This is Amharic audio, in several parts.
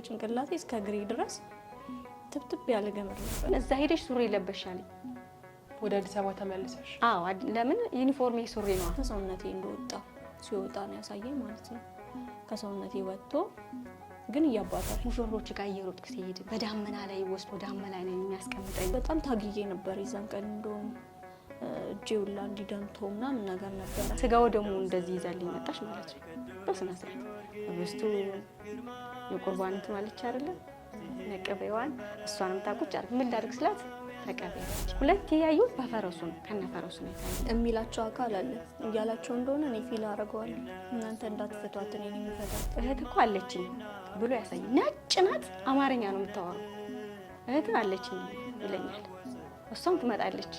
ከጭንቅላቴ እስከ እግሬ ድረስ ትብትብ ያለ ገመድ ነበር። እዛ ሄደሽ ሱሪ ለበሻል። ወደ አዲስ አበባ ተመልሰሽ? አዎ። ለምን ዩኒፎርሜ ሱሪ ነው። ከሰውነቴ እንደወጣ ሲወጣ ነው ያሳየኝ ማለት ነው። ከሰውነቴ ወጥቶ ግን እያባታል። ሙሽሮች ጋር እየሮጥክ ሲሄድ በዳመና ላይ ወስዶ ዳመና ላይ የሚያስቀምጠኝ። በጣም ታግዬ ነበር የዛን ቀን እንደውም እጄ ሁላ እንዲደምቶ ምናምን ነገር ነበረ። ስጋው ደግሞ እንደዚህ ይዛልኝ መጣች ማለት ነው። በስነስርዓት ህብስቱ የቁርባን እንትን አለች አርግ ምን ላድርግ ስላት ሁለት ያዩ በፈረሱ ነው ከነፈረሱ ነው የሚላቸው አካል አለ እያላቸው እንደሆነ እኔ ፊል አደርገዋለሁ። እናንተ እንዳትፈቷት እኔ የሚፈታት እህት እኮ አለችኝ ብሎ ያሳይ። ነጭ ናት፣ አማርኛ ነው የምታወራው። እህት አለችኝ ይለኛል። እሷም ትመጣለች።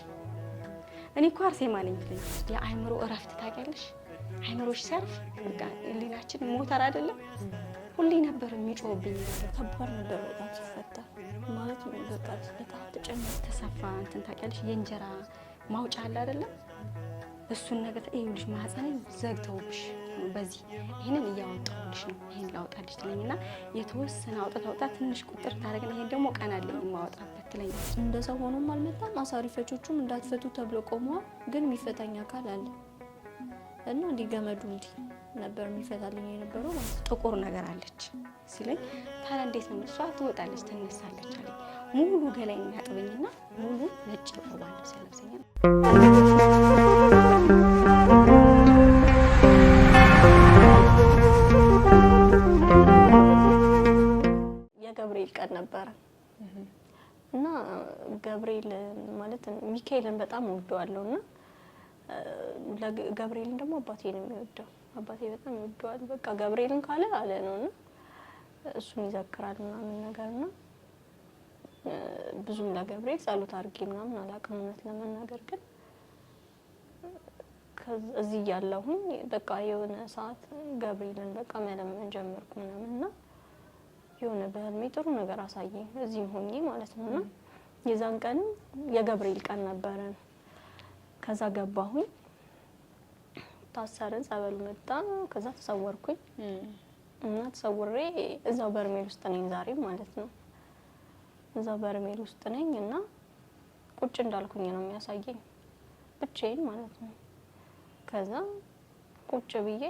እኔ እኮ አርሴማ ነኝ ይለኛል። የአእምሮ እረፍት ታውቂያለሽ አይምሮሽ ሰርፍ በቃ ህሊናችን ሞተር አይደለም ሁሌ ነበር የሚጮህብኝ። ከባድ ነበር በጣም ሲፈታ ማለት ነው። በቃ በጣም ተጨነቅ ተሰፋ እንትን ታውቂያለሽ፣ የእንጀራ ማውጫ አለ አይደለም እሱን ነገር ይኸውልሽ፣ ማህፀንን ዘግተውብሽ በዚህ ይህንን እያወጣሁልሽ ነው፣ ይህን ላውጣልሽ ትለኝና የተወሰነ አውጣት አውጣ ትንሽ ቁጥር ታደርግና ይሄን ደግሞ ቀን የማወጣበት ትለኝ። እንደዛ ሆኖም አልመጣም። አሳሪ ፈቾቹም እንዳትፈቱ ተብሎ ቆመዋል፣ ግን የሚፈታኝ አካል አለ። እና እንዲህ ገመዱ እንዲህ ነበር የሚፈታልኝ የነበረው። ማለት ነው። ጥቁር ነገር አለች ሲለኝ፣ ታዲያ እንዴት ነው እሷ ትወጣለች ትነሳለች አለ። ሙሉ ገላይ የሚያጥበኝና ሙሉ ነጭ ቆባ ልብስ ያለብሰኛል። የገብርኤል ቀን ነበረ እና ገብርኤል ማለት ሚካኤልን በጣም ወደዋለሁ እና ገብርኤልን ደግሞ አባቴ ነው የሚወደው። አባቴ በጣም ይወደዋል። በቃ ገብርኤልን ካለ አለ ነው እና እሱን ይዘክራል ምናምን ነገር ነው። ብዙም ለገብርኤል ጸሎት አድርጌ ምናምን አላውቅም እውነት ለመናገር ግን እዚህ እያለሁኝ በቃ የሆነ ሰዓት ገብርኤልን በቃ መለመን ጀመርኩ ምናምን እና የሆነ በህልሜ ጥሩ ነገር አሳየኝ እዚህም ሆኜ ማለት ነው እና የዛን ቀንም የገብርኤል ቀን ነበረን። ከዛ ገባሁኝ፣ ታሰርን፣ ጸበል መጣ። ከዛ ተሰወርኩኝ እና ተሰውሬ እዛው በርሜል ውስጥ ነኝ ዛሬም ማለት ነው። እዛው በርሜል ውስጥ ነኝ እና ቁጭ እንዳልኩኝ ነው የሚያሳየኝ ብቻዬን ማለት ነው። ከዛ ቁጭ ብዬ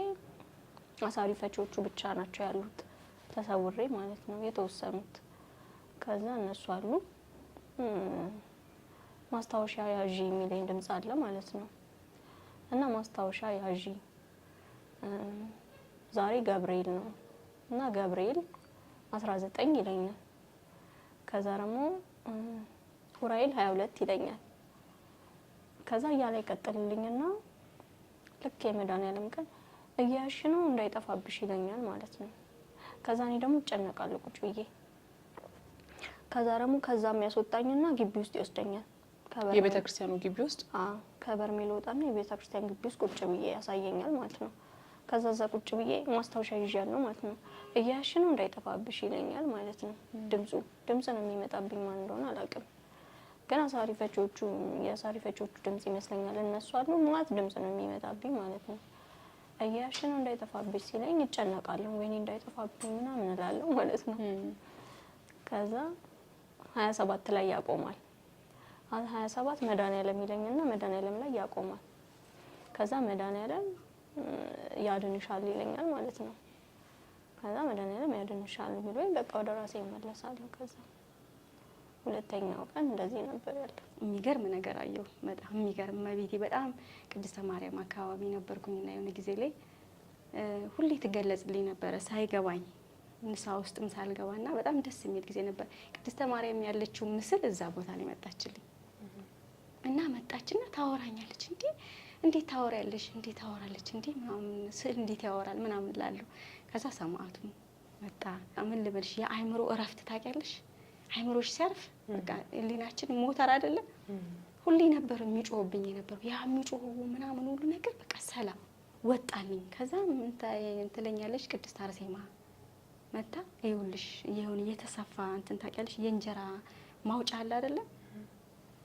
አሳሪ ፈቺዎቹ ብቻ ናቸው ያሉት ተሰውሬ ማለት ነው የተወሰኑት። ከዛ እነሱ አሉ ማስታወሻ ያዢ የሚለኝ ድምጽ አለ ማለት ነው። እና ማስታወሻ ያዢ ዛሬ ገብርኤል ነው እና ገብርኤል 19 ይለኛል። ከዛ ደግሞ ኡራኤል 22 ይለኛል። ከዛ እያለ ይቀጥልልኝና ልክ የመድኃኒዓለም ቀን እያሽ ነው እንዳይጠፋብሽ ይለኛል ማለት ነው። ከዛ እኔ ደግሞ እጨነቃለሁ ቁጭ ብዬ። ከዛ ደግሞ ከዛ የሚያስወጣኝና ግቢ ውስጥ ይወስደኛል። የቤተ ክርስቲያኑ ግቢ ውስጥ ከበርሜል ወጣና የቤተ ክርስቲያን ግቢ ውስጥ ቁጭ ብዬ ያሳየኛል ማለት ነው። ከዛ እዛ ቁጭ ብዬ ማስታወሻ ይዣለሁ ማለት ነው። እያያሽ ነው እንዳይጠፋብሽ ይለኛል ማለት ነው። ድምፁ ድምፅ ነው የሚመጣብኝ ማን እንደሆነ አላውቅም፣ ግን አሳሪ ፈቾቹ የአሳሪ ፈቾቹ ድምፅ ይመስለኛል እነሱ አሉ ማለት ድምፅ ነው የሚመጣብኝ ማለት ነው። እያያሽ ነው እንዳይጠፋብሽ ሲለኝ ይጨነቃለሁ ወይኔ እንዳይጠፋብኝ ምናምን እላለሁ ማለት ነው። ከዛ ሀያ ሰባት ላይ ያቆማል። አል 27 መድኃኒዓለም ይለኝና መድኃኒዓለም ላይ ያቆማል። ከዛ መድኃኒዓለም ያድንሻል ይለኛል ማለት ነው። ከዛ መድኃኒዓለም ያድንሻል ብሎኝ በቃ ወደ ራሴ እመለሳለሁ። ከዛ ሁለተኛው ቀን እንደዚህ ነበር ያለው። የሚገርም ነገር አየሁ። በጣም የሚገርም መቤቴ። በጣም ቅድስተ ማርያም አካባቢ ነበርኩኝና የሆነ ጊዜ ላይ ሁሌ ትገለጽልኝ ነበረ ሳይገባኝ ንሳ ውስጥም ሳልገባና በጣም ደስ የሚል ጊዜ ነበር። ቅድስተ ማርያም ያለችው ምስል እዛ ቦታ ላይ መጣችልኝ። እና መጣችና ታወራኛለች። እንዴ እንዴት ታወራለች? እንዴት ታወራለች? እንዴ ምናምን ስል እንዴት ያወራል ምናምን ላሉ ከዛ ሰማዕቱ መጣ። ምን ልበልሽ፣ የአእምሮ እረፍት ታውቂያለሽ? አይምሮሽ ሲያርፍ በቃ ህሊናችን ሞተር አይደለም ሁሌ ነበር የሚጮህብኝ የነበረው ያ የሚጮህ ምናምን ሁሉ ነገር በቃ ሰላም ወጣልኝ። ከዛ ምን ትለኛለች ቅድስት አርሴማ መታ ይኸውልሽ፣ እየተሰፋ እንትን ታውቂያለሽ፣ የእንጀራ ማውጫ አለ አይደለም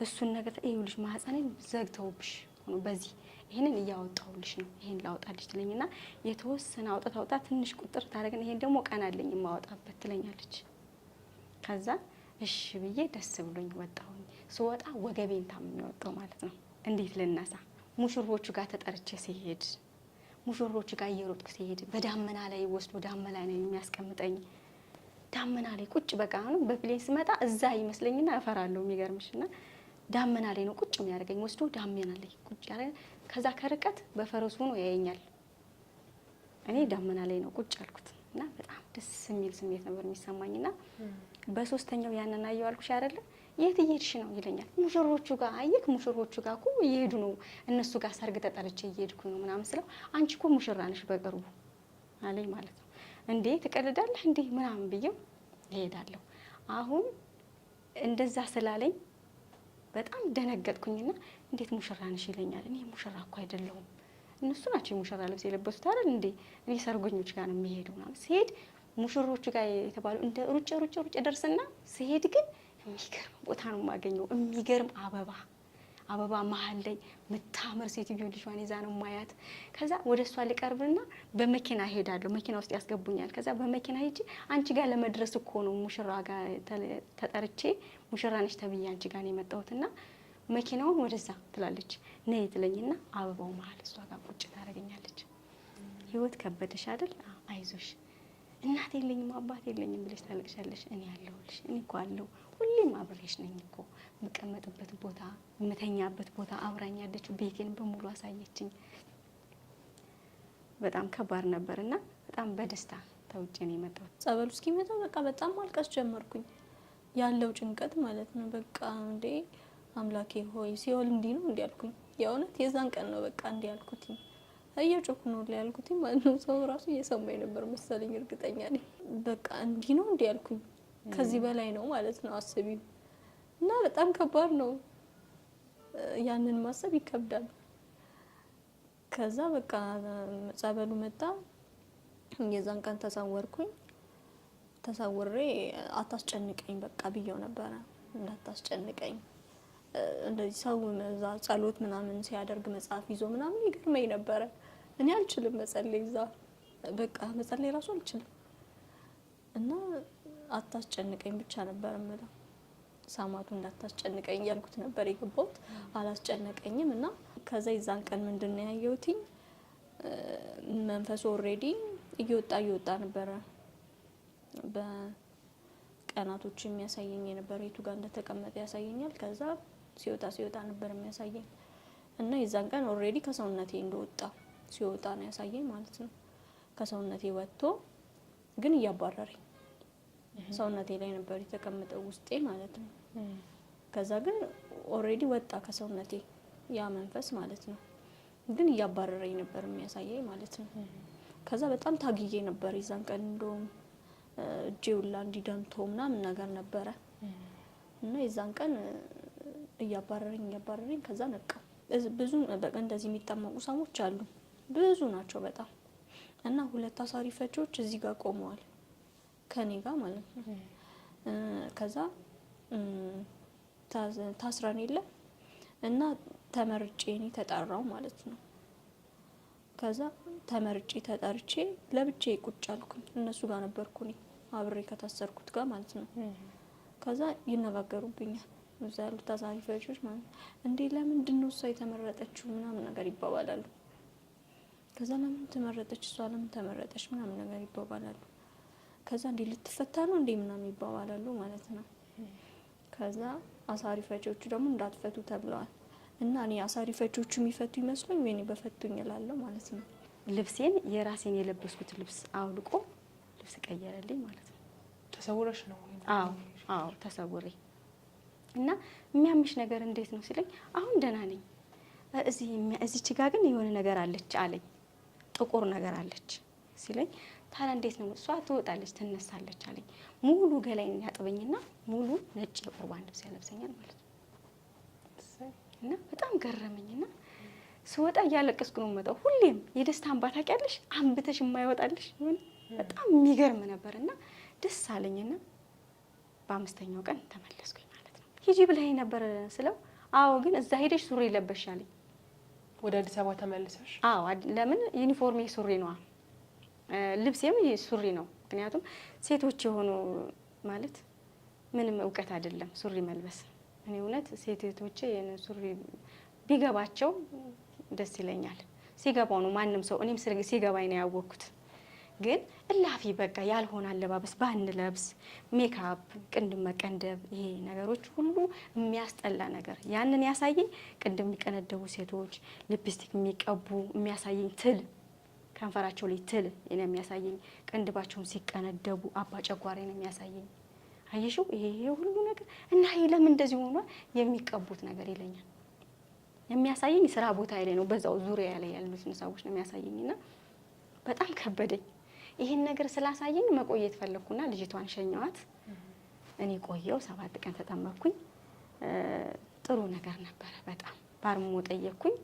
እሱን ነገር ልጅ ማህፀኔን ዘግተውብሽ ሆኖ በዚህ ይሄንን እያወጣውልሽ ነው ይሄን ላውጣልሽ ትለኝና የተወሰነ አውጣት አውጣ ትንሽ ቁጥር ታደርግን ይሄን ደግሞ ቀናለኝ አለኝ የማወጣበት ትለኛለች። ከዛ እሺ ብዬ ደስ ብሎኝ ወጣሁኝ። ስወጣ ወገቤን ታምሜ ወጣሁ ማለት ነው። እንዴት ልነሳ? ሙሽሮቹ ጋር ተጠርቼ ሲሄድ ሙሽሮቹ ጋር እየሮጥኩ ሲሄድ በዳመና ላይ ወስዶ ዳመና ላይ ነው የሚያስቀምጠኝ። ዳመና ላይ ቁጭ በቃ አሁንም በፕሌን ስመጣ እዛ ይመስለኝና እፈራለሁ የሚገርምሽና ዳመና ላይ ነው ቁጭ የሚያደርገኝ ወስዶ ዳመና ላይ ቁጭ ያደርገኝ። ከዛ ከርቀት በፈረሱ ሆኖ ያየኛል። እኔ ዳመና ላይ ነው ቁጭ ያልኩት እና በጣም ደስ የሚል ስሜት ነበር የሚሰማኝ። እና በሶስተኛው ያንን አየው አልኩሽ አይደለ? የት እየሄድሽ ነው ይለኛል። ሙሽሮቹ ጋር አየክ፣ ሙሽሮቹ ጋር እኮ እየሄዱ ነው፣ እነሱ ጋር ሰርግ ተጠርቼ እየሄድኩ ነው ምናምን ስለው አንቺ እኮ ሙሽራ ነሽ በቅርቡ አለኝ ማለት ነው። እንዴ ትቀልዳለህ እንዴ ምናምን ብዬው እሄዳለሁ። አሁን እንደዛ ስላለኝ በጣም ደነገጥኩኝና እንዴት ሙሽራ ነሽ ይለኛል። እኔ ሙሽራ እኮ አይደለሁም እነሱ ናቸው የሙሽራ ልብስ የለበሱት አይደል እንዴ? እኔ ሰርጎኞች ጋር ነው የሚሄደው ምናምን ስሄድ ሙሽሮቹ ጋር የተባሉ እንደ ሩጭ ሩጭ ሩጭ ደርስና ስሄድ ግን የሚገርም ቦታ ነው የማገኘው፣ የሚገርም አበባ አበባ መሀል ላይ ምታምር ሴትዮ ልጇን ይዛ ነው ማያት። ከዛ ወደ እሷ ልቀርብና በመኪና ሄዳለሁ። መኪና ውስጥ ያስገቡኛል። ከዛ በመኪና ሄጂ አንቺ ጋር ለመድረስ እኮ ነው ሙሽራ ጋር ተጠርቼ ሙሽራ ነች ተብዬ አንቺ ጋር ነው የመጣሁትና መኪናውን ወደዛ ትላለች። ነይ ትለኝና አበባው መሀል እሷ ጋር ቁጭ ታደርገኛለች። ህይወት ከበደሽ አይደል? አይዞሽ እናት የለኝም አባት የለኝም ብለሽ ታለቅሻለሽ። እኔ አለሁልሽ፣ እኔ እኮ አለሁ፣ ሁሌም አብሬሽ ነኝ እኮ የምቀመጥበት ቦታ፣ የምተኛበት ቦታ፣ አብራኝ ያለችው ቤቴን በሙሉ አሳየችኝ። በጣም ከባድ ነበር እና በጣም በደስታ ተውጬ ነው የመጣሁት። ጸበሉ እስኪመጣ በቃ በጣም ማልቀስ ጀመርኩኝ። ያለው ጭንቀት ማለት ነው። በቃ እንዴ አምላኬ ሆይ ሲኦል እንዲህ ነው እንዲህ አልኩኝ። የእውነት የዛን ቀን ነው በቃ እንዲህ አልኩት። እየጮኩ ነው ላይ ያልኩት ማለት ነው። ሰው ራሱ እየሰማኝ ነበር መሰለኝ፣ እርግጠኛ ነኝ። በቃ እንዲህ ነው እንዲህ አልኩኝ። ከዚህ በላይ ነው ማለት ነው አስቢው እና በጣም ከባድ ነው። ያንን ማሰብ ይከብዳል። ከዛ በቃ ጸበሉ መጣ። የዛን ቀን ተሰወርኩኝ። ተሰውሬ አታስጨንቀኝ በቃ ብየው ነበረ። እንዳታስጨንቀኝ እንደዚህ ሰው እዛ ጸሎት ምናምን ሲያደርግ መጽሐፍ ይዞ ምናምን ይገርመኝ ነበረ። እኔ አልችልም መጸለይ፣ እዛ በቃ መጸለይ ራሱ አልችልም እና አታስጨንቀኝ ብቻ ነበር የምለው። ሳማቱ እንዳታስጨንቀኝ እያልኩት ነበር የገባሁት። አላስጨነቀኝም እና ከዛ የዛን ቀን ምንድን ያየሁትኝ መንፈሱ ኦሬዲ እየወጣ እየወጣ ነበረ። በቀናቶች የሚያሳየኝ የነበረ የቱ ጋር እንደተቀመጠ ያሳየኛል። ከዛ ሲወጣ ሲወጣ ነበር የሚያሳየኝ እና የዛን ቀን ኦሬዲ ከሰውነቴ እንደወጣ ሲወጣ ነው ያሳየኝ ማለት ነው። ከሰውነቴ ወጥቶ ግን እያባረረኝ ሰውነቴ ላይ ነበር የተቀመጠው ውስጤ ማለት ነው። ከዛ ግን ኦሬዲ ወጣ ከሰውነቴ ያ መንፈስ ማለት ነው። ግን እያባረረኝ ነበር የሚያሳየኝ ማለት ነው። ከዛ በጣም ታግዬ ነበር የዛን ቀን እንደውም እጄ ውላ እንዲደምቶ ምናምን ነገር ነበረ እና የዛን ቀን እያባረረኝ እያባረረኝ ከዛ ነቃ። ብዙ በቃ እንደዚህ የሚጠመቁ ሰዎች አሉ፣ ብዙ ናቸው በጣም እና ሁለት አሳሪ እዚህ ጋር ቆመዋል ከኔ ጋር ማለት ነው ከዛ ታስረን የለ እና ተመርጬ እኔ ተጠራው ማለት ነው። ከዛ ተመርጬ ተጠርቼ ለብቼ ቁጭ አልኩኝ። እነሱ ጋር ነበርኩ እኔ አብሬ ከታሰርኩት ጋር ማለት ነው። ከዛ ይነጋገሩብኛል እዛ ያሉት ታሳሪዎች ማለት ነው። እንዴ ለምንድን ነው እሷ የተመረጠችው ምናምን ነገር ይባባላሉ። ከዛ ለምን ተመረጠች እሷ ለምን ተመረጠች ምናምን ነገር ይባባላሉ። ከዛ እንዴ ልትፈታ ነው እንዴ ምናምን ይባባላሉ ማለት ነው። ከዛ አሳሪ ፈቾቹ ደግሞ እንዳትፈቱ ተብለዋል። እና እኔ አሳሪ ፈቾቹ የሚፈቱ ይመስሉኝ ወይ በፈቱኝ እላለሁ ማለት ነው። ልብሴን የራሴን የለበስኩት ልብስ አውልቆ ልብስ ቀየረልኝ ማለት ነው። ተሰውረሽ ነው? አዎ አዎ፣ ተሰውሬ እና የሚያምሽ ነገር እንዴት ነው ሲለኝ አሁን ደህና ነኝ፣ እዚች ጋ ግን የሆነ ነገር አለች አለኝ፣ ጥቁር ነገር አለች ሲለኝ ታዲያ እንዴት ነው እሷ ትወጣለች ትነሳለች አለኝ። ሙሉ ገላይን ያጥበኝና ሙሉ ነጭ የቁርባን ልብስ ያለብሰኛል ማለት ነው። እና በጣም ገረመኝና ስወጣ እያለቀስኩ ነው የምወጣው። ሁሌም የደስታ እንባ ታውቂያለሽ፣ አንብተሽ የማይወጣልሽ ሆን በጣም የሚገርም ነበር። እና ደስ አለኝና በአምስተኛው ቀን ተመለስኩኝ ማለት ነው። ሂጂ ብላኝ ነበር ስለው አዎ፣ ግን እዛ ሄደሽ ሱሪ ለበሻለኝ። ወደ አዲስ አበባ ተመልሰሽ? አዎ። ለምን ዩኒፎርሜ ሱሪ ነዋ ልብሴም ሱሪ ነው። ምክንያቱም ሴቶች የሆኑ ማለት ምንም እውቀት አይደለም ሱሪ መልበስ። እኔ እውነት ሴቶቼ ሱሪ ቢገባቸው ደስ ይለኛል። ሲገባው ነው ማንም ሰው እኔም ሲገባኝ ነው ያወቅኩት። ግን እላፊ በቃ ያልሆነ አለባበስ ለብስ ሜካፕ፣ ቅንድም መቀንደብ፣ ይሄ ነገሮች ሁሉ የሚያስጠላ ነገር ያንን ያሳየኝ። ቅንድም የሚቀነደቡ ሴቶች፣ ሊፕስቲክ የሚቀቡ የሚያሳየኝ ትል ከንፈራቸው ላይ ትል ነው የሚያሳየኝ። ቅንድባቸውን ሲቀነደቡ አባ ጨጓሬ ነው የሚያሳየኝ። አየሽው? ይሄ ሁሉ ነገር እና ይሄ ለምን እንደዚህ ሆኗል? የሚቀቡት ነገር ይለኛል የሚያሳየኝ ስራ ቦታ ላይ ነው። በዛው ዙሪያ ላይ ያሉትን ሰዎች ነው የሚያሳየኝ። እና በጣም ከበደኝ። ይህን ነገር ስላሳየኝ መቆየት ፈለግኩና ልጅቷን ሸኘዋት። እኔ ቆየው ሰባት ቀን ተጠመኩኝ። ጥሩ ነገር ነበረ። በጣም ባርሞ ጠየቅኩኝ።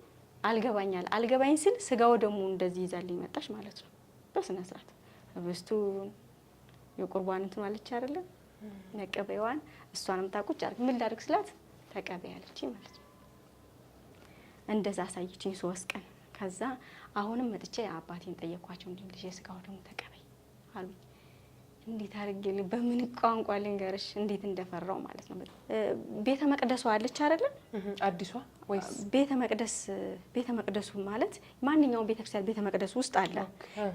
አልገባኛል አልገባኝ ስል ስጋው ደግሞ እንደዚህ ይዛልኝ መጣች ማለት ነው። በስነ ስርዓት ህብስቱን የቁርባን እንትን አለች አይደለ መቀበያዋን እሷንም ታቁጭ አርግ ምን ላድርግ ስላት ተቀበያለች ማለት ነው። እንደዛ አሳየችኝ ሶስት ቀን። ከዛ አሁንም መጥቼ አባቴን ጠየኳቸው እንዲህ ልጅ ስጋው ደግሞ ተቀበይ አሉኝ። እንዴት አድርጌ በምን ቋንቋ ልንገርሽ እንዴት እንደፈራው ማለት ነው። ቤተ መቅደሱ አለች አይደለ? አዲሷ ወይስ ቤተ መቅደስ? ቤተ መቅደሱ ማለት ማንኛውም ቤተክርስቲያን ቤተ መቅደሱ ውስጥ አለ።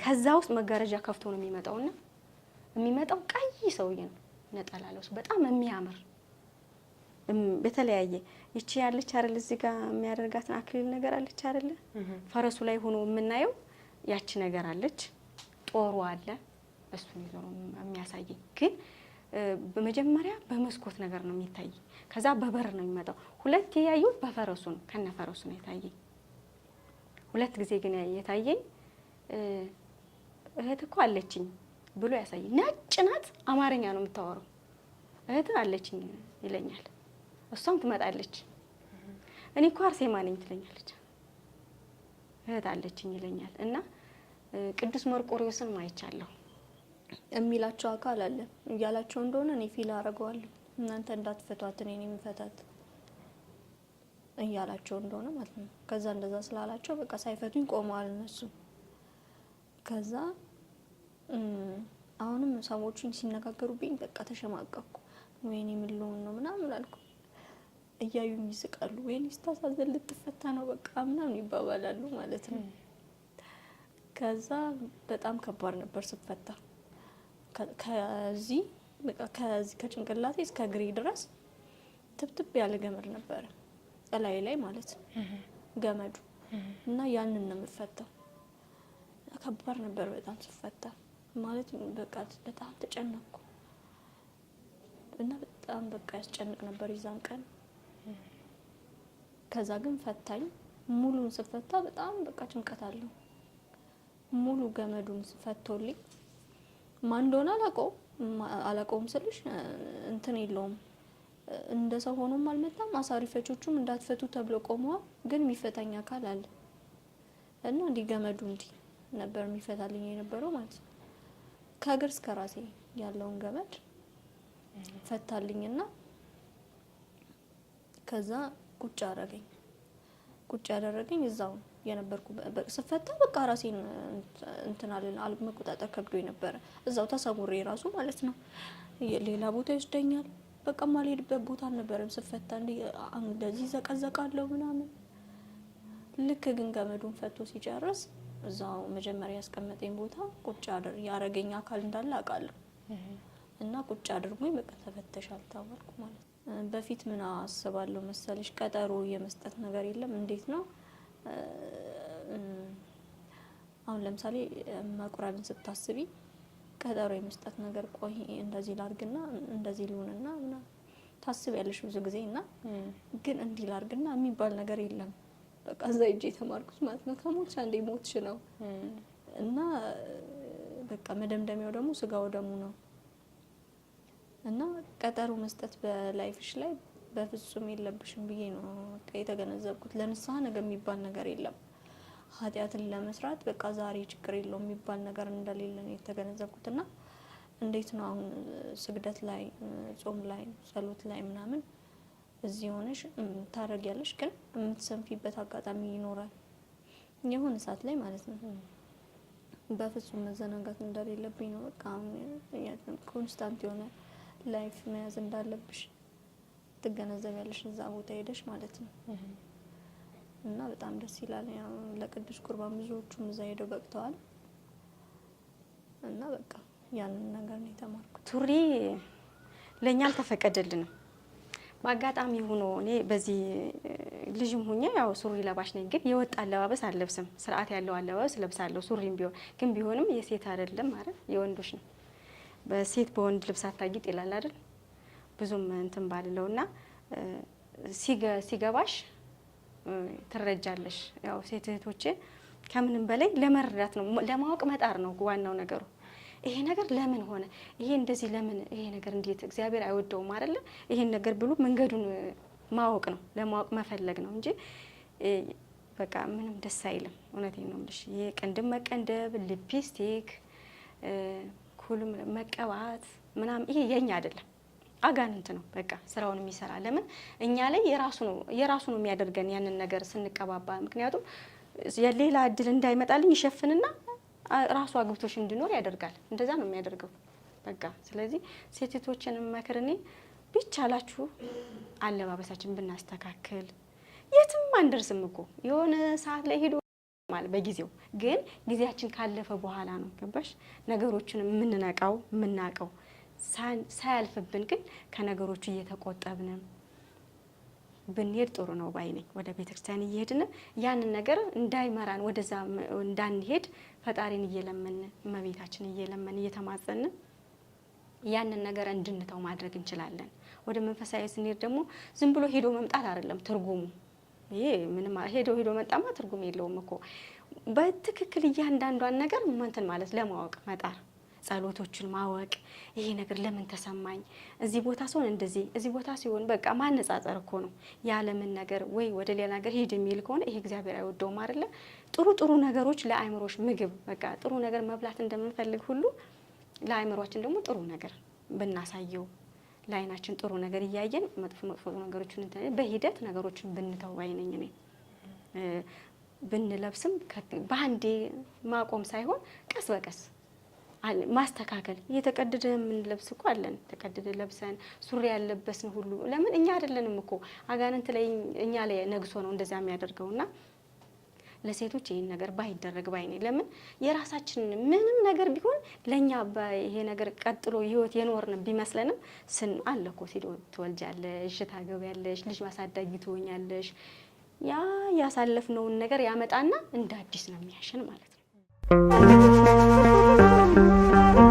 ከዛ ውስጥ መጋረጃ ከፍቶ ነው የሚመጣውና የሚመጣው ቀይ ሰውዬ ነው፣ ነጠላ ለብሶ በጣም የሚያምር በተለያየ ይቺ ያለች አይደል? እዚህ ጋር የሚያደርጋትን አክሊል ነገር አለች አይደለ? ፈረሱ ላይ ሆኖ የምናየው ያቺ ነገር አለች፣ ጦሩ አለ እሱን ይዞ ነው የሚያሳየኝ። ግን በመጀመሪያ በመስኮት ነገር ነው የሚታይ፣ ከዛ በበር ነው የሚመጣው። ሁለት የያዩ በፈረሱ ነው ከነፈረሱ ነው የታየኝ። ሁለት ጊዜ ግን የታየኝ እህት እኮ አለችኝ ብሎ ያሳየኝ። ነጭ ናት፣ አማርኛ ነው የምታወራው። እህት አለችኝ ይለኛል። እሷም ትመጣለች። እኔ እኮ አርሴማ ነኝ ትለኛለች። እህት አለችኝ ይለኛል እና ቅዱስ መርቆሪዎስን ማይቻለሁ የሚላቸው አካል አለ። እያላቸው እንደሆነ እኔ ፊል አደርገዋለሁ። እናንተ እንዳትፈቷት እኔ የምፈታት እያላቸው እንደሆነ ማለት ነው። ከዛ እንደዛ ስላላቸው በቃ ሳይፈቱኝ ቆመዋል እነሱ። ከዛ አሁንም ሰዎቹኝ ሲነጋገሩብኝ በቃ ተሸማቀቅኩ። ወይኔ የምለውን ነው ምናምን አልኩ። እያዩኝ ይስቃሉ። ወይኔ ስታሳዘን ልትፈታ ነው በቃ ምናምን ይባባላሉ ማለት ነው። ከዛ በጣም ከባድ ነበር ስፈታ ከዚህ ከዚህ ከጭንቅላቴ እስከ እግሬ ድረስ ትብትብ ያለ ገመድ ነበረ እላይ ላይ ማለት ነው ገመዱ እና ያንን ነው የምፈታው። ከባድ ነበር በጣም ስፈታ ማለት በቃ በጣም ተጨነቅኩ እና በጣም በቃ ያስጨንቅ ነበር ይዛን ቀን። ከዛ ግን ፈታኝ። ሙሉን ስፈታ በጣም በቃ ጭንቀት አለው ሙሉ ገመዱን ስፈቶልኝ ማን እንደሆነ አላውቀውም አላውቀውም ስልሽ እንትን የለውም እንደ ሰው ሆኖም አልመጣም። አሳሪፈቾቹም እንዳትፈቱ ተብሎ ቆመዋል። ግን የሚፈታኝ አካል አለ እና እንዲህ ገመዱ እንዲህ ነበር የሚፈታልኝ የነበረው ማለት ነው። ከእግር እስከ ራሴ ያለውን ገመድ ፈታልኝና ከዛ ቁጭ አደረገኝ። ቁጭ ያደረገኝ እዛው ነው። የነበርኩ ስፈታ በቃ ራሴን እንትን መቆጣጠር ከብዶ ነበረ። እዛው ተሰውሬ ራሱ ማለት ነው። ሌላ ቦታ ይወስደኛል። በቃ ማልሄድበት ቦታ አልነበረም። ስፈታ እንደዚህ ዘቀዘቃለሁ ምናምን። ልክ ግን ገመዱን ፈቶ ሲጨርስ እዛው መጀመሪያ ያስቀመጠኝ ቦታ ቁጭ ያረገኝ አካል እንዳለ አውቃለሁ። እና ቁጭ አድርጎኝ በቃ ተፈተሽ ታወልኩ ማለት ነው። በፊት ምን አስባለሁ መሰለሽ፣ ቀጠሮ የመስጠት ነገር የለም እንዴት ነው አሁን ለምሳሌ መቁረብን ስታስቢ ቀጠሮ የመስጠት ነገር ቆይ እንደዚህ ላርግና እንደዚህ ሊሆንና ምናምን ታስቢያለሽ ብዙ ጊዜ እና ግን እንዲህ ላርግና የሚባል ነገር የለም። በቃ እዛ እጅ የተማርኩት ማለት ነው። ከሞች አንዴ ሞች ነው እና በቃ መደምደሚያው ደግሞ ስጋው ደሙ ነው እና ቀጠሮ መስጠት በላይፍሽ ላይ በፍጹም የለብሽም ብዬ ነው በቃ የተገነዘብኩት። ለንስሐ ነገር የሚባል ነገር የለም። ኃጢአትን ለመስራት በቃ ዛሬ ችግር የለው የሚባል ነገር እንደሌለ ነው የተገነዘብኩት። እና እንዴት ነው አሁን ስግደት ላይ፣ ጾም ላይ፣ ጸሎት ላይ ምናምን እዚህ ሆነሽ ታደርጊያለሽ፣ ግን የምትሰንፊበት አጋጣሚ ይኖራል የሆነ ሰዓት ላይ ማለት ነው። በፍጹም መዘናጋት እንደሌለብኝ ነው በቃ ኮንስታንት የሆነ ላይፍ መያዝ እንዳለብሽ ትገነዘቢያለሽ እዛ ቦታ ሄደሽ ማለት ነው። እና በጣም ደስ ይላል። ያው ለቅዱስ ቁርባን ብዙዎቹም እዛ ሄደው በቅተዋል። እና በቃ ያንን ነገር ነው የተማርኩት። ቱሪ ለእኛ አልተፈቀደልንም። በአጋጣሚ ሆኖ እኔ በዚህ ልጅም ሁኜ ያው ሱሪ ለባሽ ነኝ፣ ግን የወጣ አለባበስ አልለብስም። ስርዓት ያለው አለባበስ ለብሳለሁ። ሱሪም ቢሆን ግን ቢሆንም የሴት አይደለም ማለት የወንዶች ነው። በሴት በወንድ ልብስ አታጊጥ ይላል አይደል? ብዙም እንትን ባልለውና ሲገባሽ ትረጃለሽ። ያው ሴት እህቶቼ ከምንም በላይ ለመረዳት ነው ለማወቅ መጣር ነው ዋናው ነገሩ። ይሄ ነገር ለምን ሆነ? ይሄ እንደዚህ ለምን ይሄ ነገር እንዴት እግዚአብሔር አይወደውም አይደለ? ይሄን ነገር ብሎ መንገዱን ማወቅ ነው ለማወቅ መፈለግ ነው እንጂ በቃ ምንም ደስ አይልም። እውነቴን ነው የምልሽ። ይሄ ቅንድም መቀንደብ፣ ሊፕስቲክ፣ ኩል መቀባት ምናምን ይሄ የኛ አይደለም። አጋንንት ነው። በቃ ስራውን የሚሰራ ለምን እኛ ላይ የራሱ ነው የራሱ ነው የሚያደርገን ያንን ነገር ስንቀባባ። ምክንያቱም ሌላ እድል እንዳይመጣልኝ ይሸፍንና ራሱ አግብቶሽ እንድኖር ያደርጋል። እንደዛ ነው የሚያደርገው። በቃ ስለዚህ ሴቶችን መክር እኔ ቢቻላችሁ አለባበሳችን ብናስተካክል የትም አንደርስም እኮ የሆነ ሰዓት ላይ ሄዶ በጊዜው ግን ጊዜያችን ካለፈ በኋላ ነው ገባሽ ነገሮችን የምንነቃው የምናውቀው ሳያልፍብን ግን ከነገሮቹ እየተቆጠብን ብንሄድ ጥሩ ነው ባይ ነኝ። ወደ ቤተክርስቲያን እየሄድን ያንን ነገር እንዳይመራን ወደዛ እንዳንሄድ ፈጣሪን እየለመን እመቤታችን እየለመን እየተማጸን ያንን ነገር እንድንተው ማድረግ እንችላለን። ወደ መንፈሳዊ ስንሄድ ደግሞ ዝም ብሎ ሄዶ መምጣት አይደለም ትርጉሙ። ይሄ ምንም ሄዶ ሄዶ መጣማ ትርጉም የለውም እኮ በትክክል እያንዳንዷን ነገር እንትን ማለት ለማወቅ መጣር ጸሎቶችን ማወቅ ይሄ ነገር ለምን ተሰማኝ፣ እዚህ ቦታ ሲሆን እንደዚህ፣ እዚህ ቦታ ሲሆን በቃ ማነጻጸር እኮ ነው። ያለምን ነገር ወይ ወደ ሌላ ነገር ሂድ የሚል ከሆነ ይሄ እግዚአብሔር አይወደውም አይደለ? ጥሩ ጥሩ ነገሮች ለአይምሮች ምግብ በቃ ጥሩ ነገር መብላት እንደምንፈልግ ሁሉ ለአይምሮችን ደግሞ ጥሩ ነገር ብናሳየው ለአይናችን ጥሩ ነገር እያየን መጥፎ መጥፎ ነገሮችን በሂደት ነገሮችን ብንተው አይነኝ ነኝ ብንለብስም በአንዴ ማቆም ሳይሆን ቀስ በቀስ ማስተካከል እየተቀደደ የምንለብስ እኮ አለን። ተቀደደ ለብሰን ሱሪ ያለበስን ሁሉ ለምን እኛ አይደለንም እኮ አጋንንት ላይ እኛ ላይ ነግሶ ነው እንደዚያ የሚያደርገውና ለሴቶች ይህን ነገር ባይደረግ ባይ ነኝ። ለምን የራሳችን ምንም ነገር ቢሆን ለእኛ ይሄ ነገር ቀጥሎ ህይወት የኖርን ቢመስለንም ስን አለ እኮ ሲዶ ትወልጃለሽ፣ ታገቢያለሽ፣ ልጅ ማሳዳጊ ትሆኛለሽ። ያ ያሳለፍነውን ነገር ያመጣና እንደ አዲስ ነው የሚያሽን ማለት ነው። Música